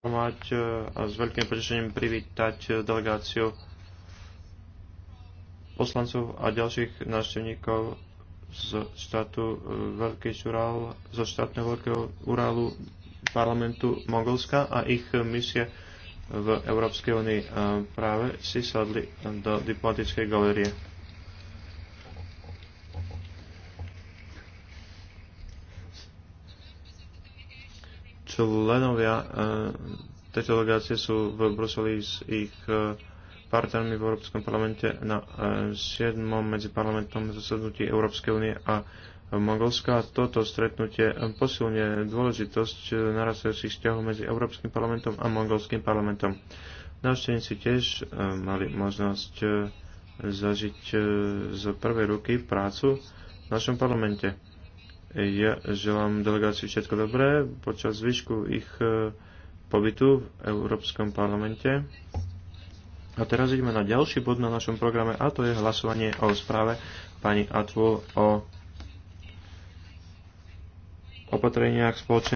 informovať e, a s veľkým potešením privítať e, delegáciu poslancov a ďalších návštevníkov z štátu e, Veľký Ural, zo štátneho Veľkého Urálu parlamentu Mongolska a ich misie v Európskej únii práve si sadli do diplomatickej galerie. členovia e, tejto delegácie sú v Bruseli s ich e, partnermi v Európskom parlamente na 7. E, medziparlamentnom zasadnutí Európskej únie a Mongolska. Toto stretnutie posilňuje dôležitosť narastajúcich vzťahov medzi Európskym parlamentom a Mongolským parlamentom. Návštevníci tiež mali možnosť zažiť z prvej ruky prácu v našom parlamente ja želám delegácii všetko dobré počas zvyšku ich e, pobytu v Európskom parlamente. A teraz ideme na ďalší bod na našom programe a to je hlasovanie o správe pani Atvul o opatreniach spoločnosti.